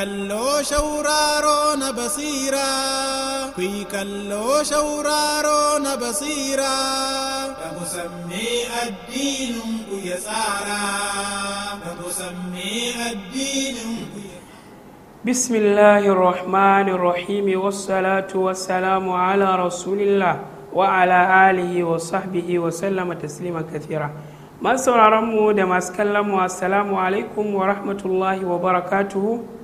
kalloo shawraaroo na basiiraa kuyi kalloo shawraaroo na basiiraa kamusammee addiinuun guyya saaraa kamusammee addiinuun بسم الله الرحمن الرحيم والصلاة والسلام على رسول alihi وعلى آله وصحبه وسلم تسليما كثيرا masu sauraronmu da masu kallonmu assalamu alaikum wa rahmatullahi wa barakatuhu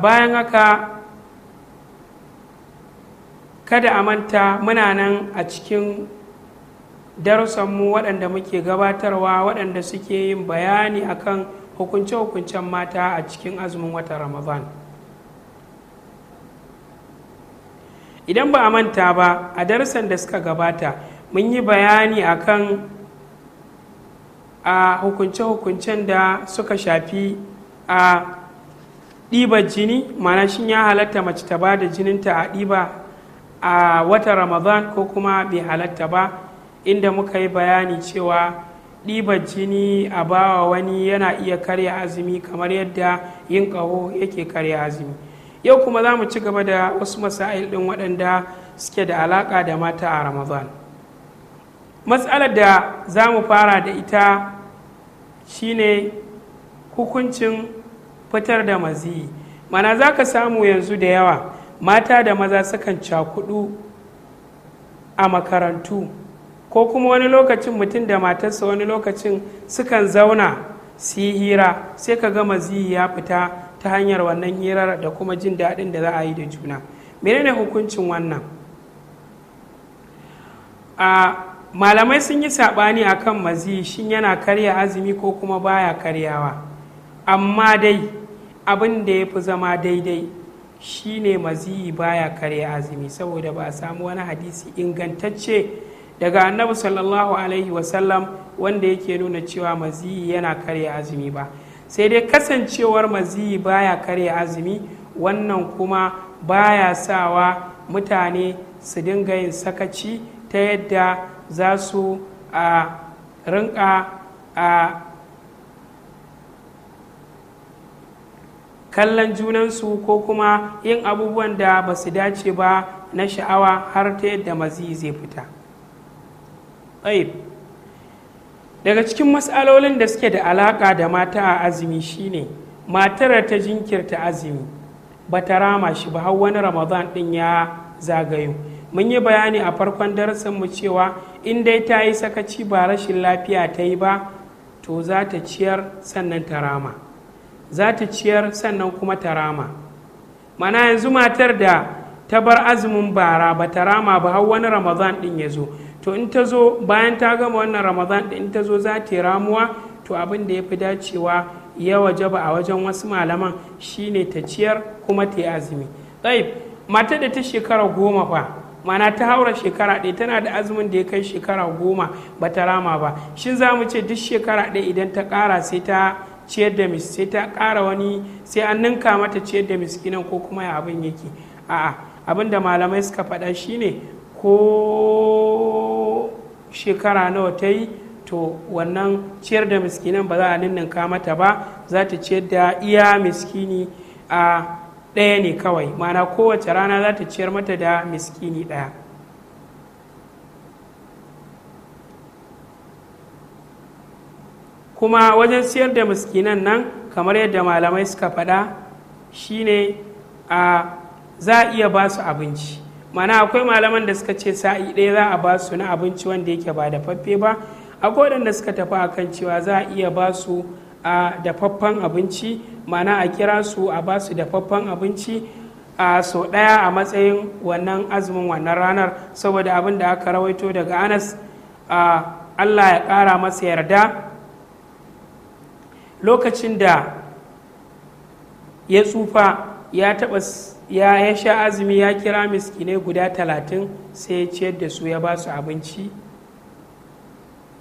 bayan haka kada a manta muna nan a cikin darussanmu waɗanda muke gabatarwa waɗanda suke yin bayani akan hukunce-hukuncen mata a cikin azumin wata ramadan idan ba a manta ba a darussan da suka gabata mun yi bayani akan a hukunce-hukuncen da suka shafi a ɗiba jini mana shin ya halatta mace ta ba da jininta a ɗiba a wata ramadan ko kuma bai halatta ba inda muka yi bayani cewa ɗiban jini a bawa wani yana iya karya azumi kamar yadda yin ƙaho yake karya azumi yau kuma za mu ci gaba da wasu masail ɗin waɗanda suke da alaƙa da mata a ramadan matsalar da za mu fara da ita shine hukuncin fitar da maziyi mana za ka samu yanzu da yawa mata da maza sukan cakudu a makarantu ko kuma wani lokacin mutum da matarsa wani lokacin sukan zauna su yi hira sai ka ga maziyi ya fita ta hanyar wannan hirar da kuma jin daɗin da za a yi da juna menene hukuncin wannan a malamai sun yi saɓani a kan maziyi shin yana karya azumi ko kuma baya karyawa amma dai abin da ya fi zama daidai shine maziyi baya karya azumi saboda ba a samu wani hadisi ingantacce daga annabi sallallahu alaihi wasallam wanda yake nuna cewa maziyi yana karya azumi ba sai dai kasancewar maziyi baya karya azumi wannan kuma baya sawa mutane su dinga yin sakaci ta yadda za su a rinka a kallon junansu ko kuma yin abubuwan da ba su dace ba na sha'awa har ta yadda mazi zai fita daga cikin matsalolin da suke da alaƙa da mata a azumi shine matar ta jinkirta azumi ba ta rama shi ba har wani ramadan ɗin ya zagayo mun yi bayani a farkon darasinmu cewa in dai ta yi sakaci ba rashin lafiya ta yi ba to za ta ciyar sannan ta rama za ta ciyar sannan kuma ta rama mana yanzu matar da ta bar azumin bara ba ta rama ba har wani ramadan din ya zo to in ta zo bayan ta gama wannan ramadan din ta zo za ta yi ramuwa to abin da ya fi dacewa ya waje ba a wajen wasu malaman shine ta ciyar kuma ta yi azumi tsaib mata da ta shekara goma fa mana ta haura shekara ɗaya tana da azumin da ya kai shekara goma ba ta rama ba shin za mu ce duk shekara ɗaya idan ta ƙara sai ta ciyar da mis sai ta ƙara wani sai an ninka mata ciyar da miskinan ko kuma ya abin yake a'a abin da malamai suka faɗa shine ko shekara nawa ta yi to wannan ciyar da miskinan ba za a ninninka mata ba za ta ciyar da iya miskini a ɗaya ne kawai mana kowace rana za ta ciyar mata da miskini ɗaya kuma wajen siyar da miskinan nan kamar yadda malamai suka faɗa shine a za a iya ba su abinci mana akwai malaman da suka ce sa'i ɗaya za a ba su na abinci wanda yake ba da faffe ba akwai waɗanda suka tafi akan cewa za a iya ba su a dafaffen abinci mana a kira su a ba su dafaffen abinci a sau ɗaya a matsayin wannan azumin wannan ranar saboda abin da aka rawaito daga anas allah ya ƙara masa yarda lokacin da ya tsufa ya taba ya ya sha azumi ya kira miskinai guda talatin sai ya ciyar da su ya ba su abinci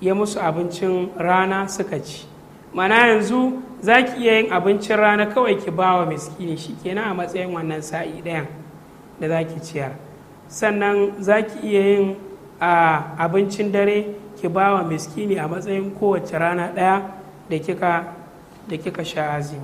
ya musu abincin rana suka ci mana yanzu za ki iya yin abincin rana kawai ki ba wa miskini shi kenan a matsayin wannan sa'i ɗayan da za ki ciyar sannan za ki iya yin abincin dare ki ba wa miskini a matsayin kowace rana ɗaya da kika da kika sha azumi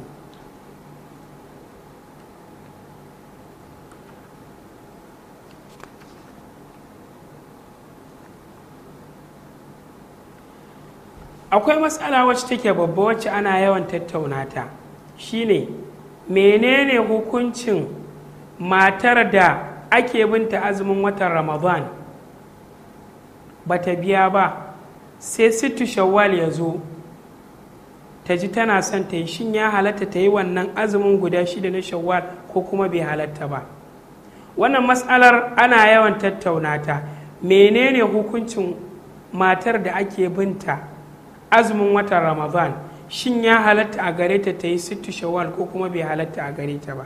akwai matsala wacce take babba wacce ana yawan tattauna ta shine menene hukuncin matar da ake binta azumin watan ramadan ba ta biya ba sai situ shawwal ya zo ta ji tana son ta yi shin ya halatta ta yi wannan azumin guda shida na shawwal ko kuma bai halatta ba wannan matsalar ana yawan tattaunata menene hukuncin matar da ake binta azumin watan ramadan shin ya halatta a gare ta ta yi sittu shawwal ko kuma bai halatta a gare ta ba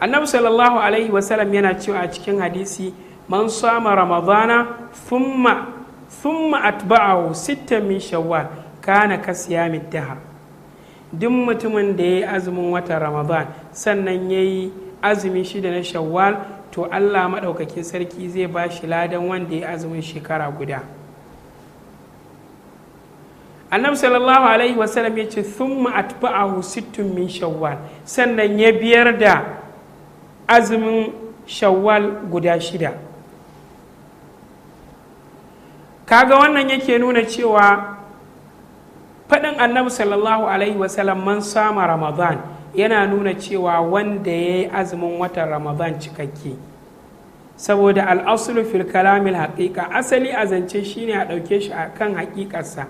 annabi sallallahu alaihi wasallam yana cewa a cikin hadisi man sama ramadana thumma thumma atba'ahu sittan min shawwal kana ka kasiya middaha duk mutumin da ya yi azumin wata ramadan sannan ya yi azumin shida na shawwal to allah maɗaukakin sarki zai ba shi ladan wanda ya yi azumin shekara guda annabi sallallahu alaihi wasallam ya ce thumma a sittun min shawwal sannan ya biyar da azumin shawwal guda shida kaga wannan yake nuna cewa faɗin annabi sallallahu alaihi wasallam man sama ramadan yana nuna cewa wanda ya yi azumin watan ramadan cikakke saboda al'asulu fil kalamil haƙiƙa asali a zance shine a ɗauke shi a kan haƙiƙarsa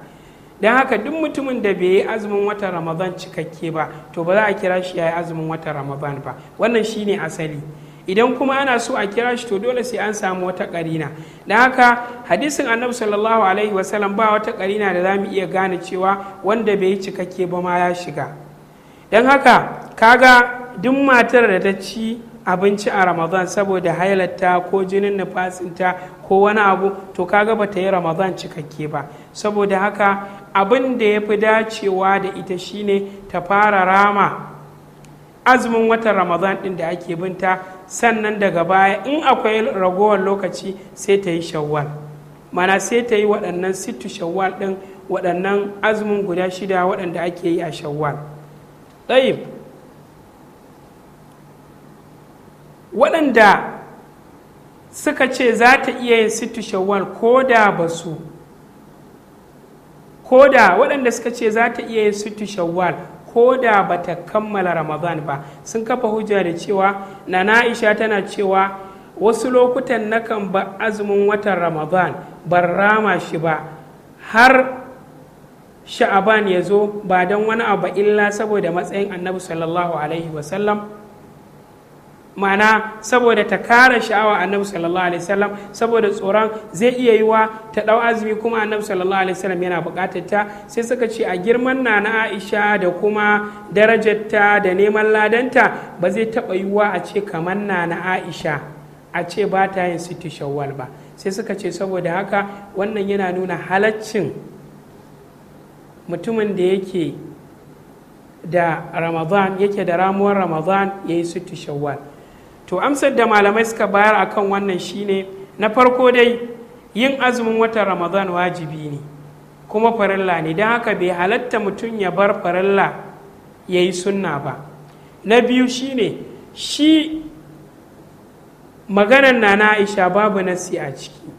don haka duk mutumin da bai yi azumin watan ramadan cikakke ba to ba za a kira shi ya yi azumin watan ramadan ba wannan shine asali idan kuma ana so a kira shi to dole sai an samu wata karina da haka hadisin annabi sallallahu alaihi wasallam ba wata karina da za mu iya gane cewa wanda bai yi cikakke ba ma ya shiga don haka kaga duk matar da ta ci abinci a ramadan saboda hailatta ko jinin nufasinta ko wani abu to kaga ba ta yi ramadan cikakke ba saboda haka abin da ya fi dacewa da ita shine ta fara rama azumin watan ramadan din da ake binta sannan daga baya in akwai ragowar lokaci sai ta yi shawwal mana sai ta yi waɗannan situ shawwal ɗin waɗannan azumin guda shida waɗanda ake yi a shawwal ɗayib waɗanda suka ce za ta iya yin situ shawwal ko da ba su ko da waɗanda suka ce za ta iya yin situ shawwal ko da ba ta kammala ramadan ba sun kafa hujja da cewa na na'isha tana cewa wasu lokutan nakan ba azumin watan ramadan ban rama shi ba har sha'aban ya zo ba don wani abu illa saboda matsayin annabi sallallahu alaihi wasallam mana saboda ta kara sha'awa annabi sallallahu alaihi wasallam saboda tsoron zai iya yiwa ta dau azumi kuma annabi sallallahu alaihi wasallam yana bukatar ta sai suka ce a girman na na Aisha da kuma darajarta da neman ladanta ba zai taba yiwa a ce kamar na na Aisha a ce ba ta yin sitti shawwal ba sai suka ce saboda haka wannan yana nuna halaccin mutumin da yake da ramadan yake da ramuwar ramadan ya yi shawwal to amsar da malamai suka bayar a kan wannan shine na farko dai yin azumin watan ramadan wajibi ne kuma farilla ne don haka bai halatta mutum ya bar farilla ya yi sunna ba na biyu shine shi maganar na na aisha babu nasi a ciki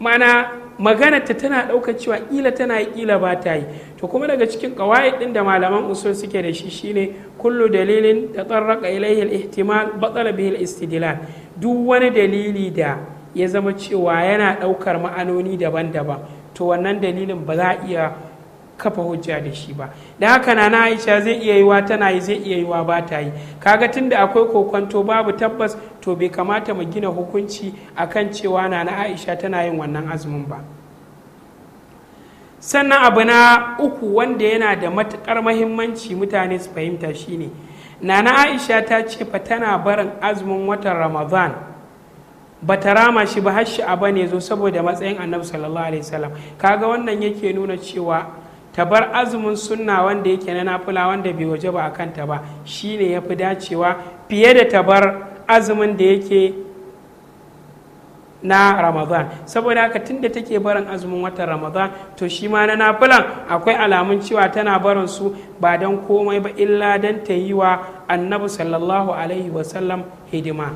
mana magana ta tana ɗaukar cewa ƙila tana yi ƙila ba ta yi to kuma daga cikin ƙawaye ɗin da malaman usul suke da shi shine kullu dalilin da tsarraka ilaihi al-ihtimal batsala bihi istidlal duk wani dalili da ya zama cewa yana ɗaukar ma'anoni daban-daban to wannan dalilin ba za a iya kafa hujja da shi ba da haka na na aisha zai iya yiwa tana yi zai iya wa ba ta yi kaga tunda akwai kokwanto babu tabbas to bai kamata mu gina hukunci a kan cewa na na aisha tana yin wannan azumin ba sannan abu na uku wanda yana da matuƙar mahimmanci mutane su fahimta shine na na aisha ta ce fa tana barin azumin watan ramadan ba ta rama shi ba har shi a bane zo saboda matsayin annabi sallallahu alaihi wasallam kaga wannan yake nuna cewa ta bar azumin sunna wanda yake na nafula wanda bai waje ba a kanta ba shine ya fi dacewa fiye da ta bar azumin da yake na ramadan saboda haka tunda take barin azumin watan ramadan to shi ma na nafilan akwai alamun cewa tana barin su ba don komai ba illa don ta yi wa annabi sallallahu alaihi wasallam hidima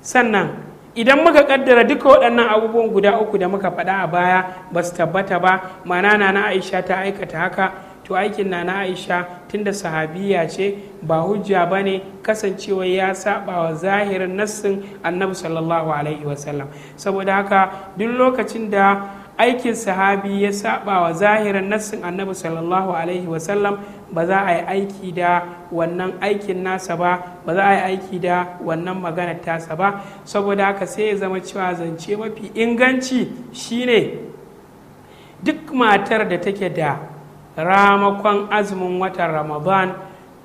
sannan idan muka kaddara duka waɗannan abubuwan guda uku da muka faɗa a baya ba su tabbata ba mana na aisha ta aikata haka to aikin na na aisha tunda sahabiya ce ba hujja ba ne kasancewa ya saba wa zahirin nassin annabi sallallahu alaihi wasallam saboda haka duk lokacin da aikin sahabi ya saba wa zahirin nassin annabi sallallahu alaihi wasallam ba za a yi aiki da wannan aikin nasa ba ba za a yi aiki da wannan maganar tasa ba saboda haka sai ya zama cewa zance mafi inganci shine duk matar da take da ramakon azumin watan ramadan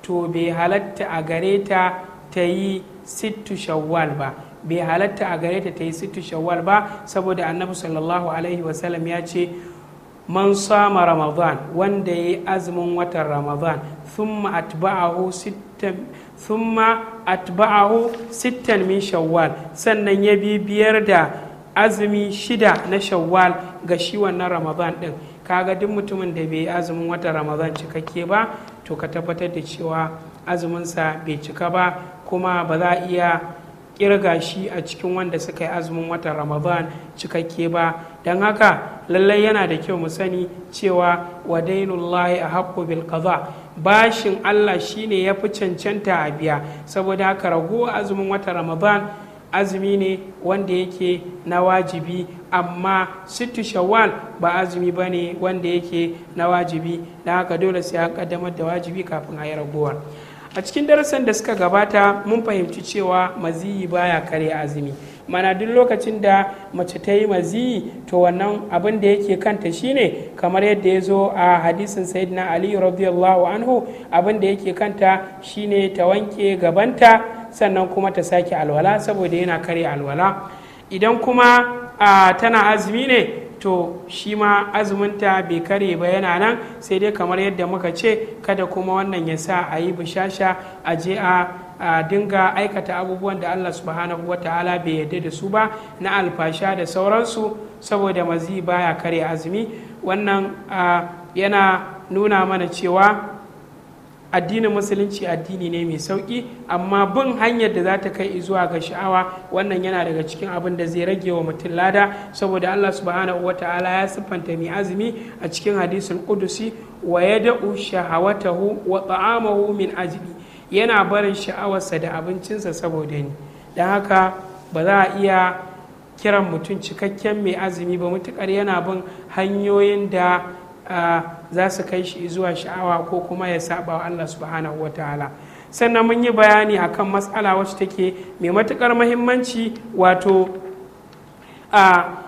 to bai halatta a gare ta ta yi sittu shawwal ba bai halatta a gare ta ta yi sittu shawwal ba saboda annabi sallallahu alaihi wasallam ya ce man sama ramadan wanda ya yi azumin watan ramadan thumma atba'ahu sittan a min shawwal sannan ya bibiyar da azumi shida na shawwal ga shi wannan ramadan din kaga duk mutumin da bai azumin watan ramadan cikakke ba to ka tabbatar da cewa azuminsa bai cika ba kuma ba za a iya kirga shi a cikin wanda suka yi azumin watan ramadan cikakke ba don haka lallai yana da kyau mu sani cewa wadainullahi a haƙƙo bilkaza bashin allah shi ne ya fi cancanta a biya saboda haka rago azumin watan ramadan azumi ne wanda yake na wajibi amma sittu shawwal ba azumi ba ne wanda yake na wajibi don haka dole sai an kaddamar da wajibi kafin a yi ragowar a cikin darasan da suka gabata mun fahimci cewa maziyi baya karya azumi mana duk lokacin da mace ta yi maziyi to wannan abin da yake kanta shine kamar yadda ya zo a hadisin sayyidina ali radiyallahu anhu abin da yake kanta shine ta wanke gabanta sannan kuma ta sake alwala saboda yana karya alwala idan kuma tana azumi ne to shi ma azuminta bai kare ba yana nan sai dai kamar yadda muka ce kada kuma wannan ya sa a yi bishasha a je a dinga aikata abubuwan da allah subhanahu wa ta'ala bai yadda da su ba na alfasha da sauransu saboda mazi baya kare azumi wannan yana nuna mana cewa addinin musulunci addini ne mai sauƙi amma bin hanyar da za ta kai zuwa ga sha'awa wannan yana daga cikin abin da zai rage wa mutum lada saboda allah subhanahu ta'ala ya siffanta mai azumi a cikin hadisul kudusi wa ya da'u shahawatahu wa ta'amahu min ajli yana barin sha'awarsa da abincinsa saboda ni don haka ba za a iya kiran mutum cikakken mai azumi ba mutukar yana bin hanyoyin da ah, za su kai shi zuwa sha'awa ko kuma ya saba wa Allah subhanahu wa ta'ala sannan mun yi bayani akan matsala wacce take mai matukar mahimmanci wato a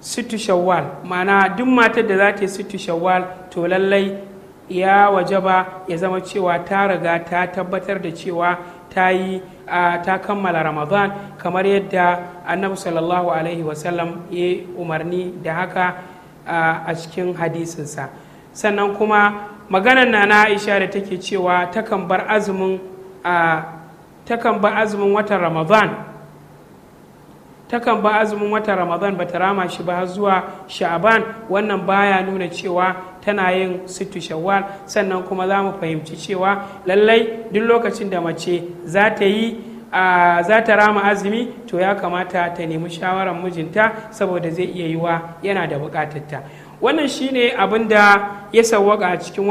situ shawwal mana duk matar da za ta yi situ shawwal to lallai ya wajaba ya zama cewa ta riga ta tabbatar da cewa ta yi ta kammala ramadan kamar yadda annabi sallallahu alaihi wasallam ya umarni da haka a cikin hadisinsa sannan kuma maganar na na aisha da take cewa takan bar azumin watan ramadan takan ba azumin watan ramadan ba ta rama shi ba zuwa sha'aban wannan baya nuna cewa tana yin situ shawwal sannan kuma za mu fahimci cewa lallai duk lokacin da mace za ta yi za ta rama azumi to ya kamata ta nemi shawarar mijinta saboda zai iya yiwa yana da bukatarta wannan shine abin da ya sawwaka a cikin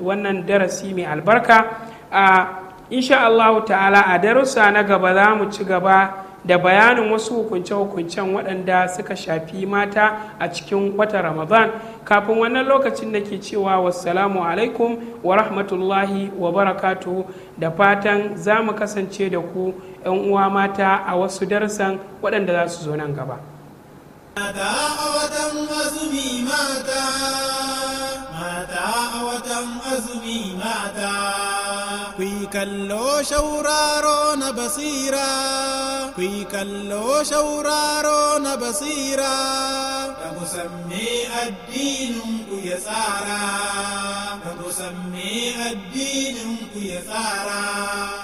wannan darasi mai albarka a insha Allah ta'ala a darussa na gaba za mu ci gaba da bayanin wasu hukunce-hukuncen waɗanda suka shafi mata a cikin wata ramadan kafin wannan lokacin da ke cewa wassalamu alaikum wa rahmatullahi wa barakatu da fatan za mu kasance da ku 'yan uwa mata a wasu darsan waɗanda za su zo nan gaba mata a watan azumi mata kalloo shawraaroo na basiiraa kuyi kalloo shawraaroo na basiiraa dhabu sammee addiinuun guyya tsaaraa dhabu sammee addiinuun guyya tsaaraa.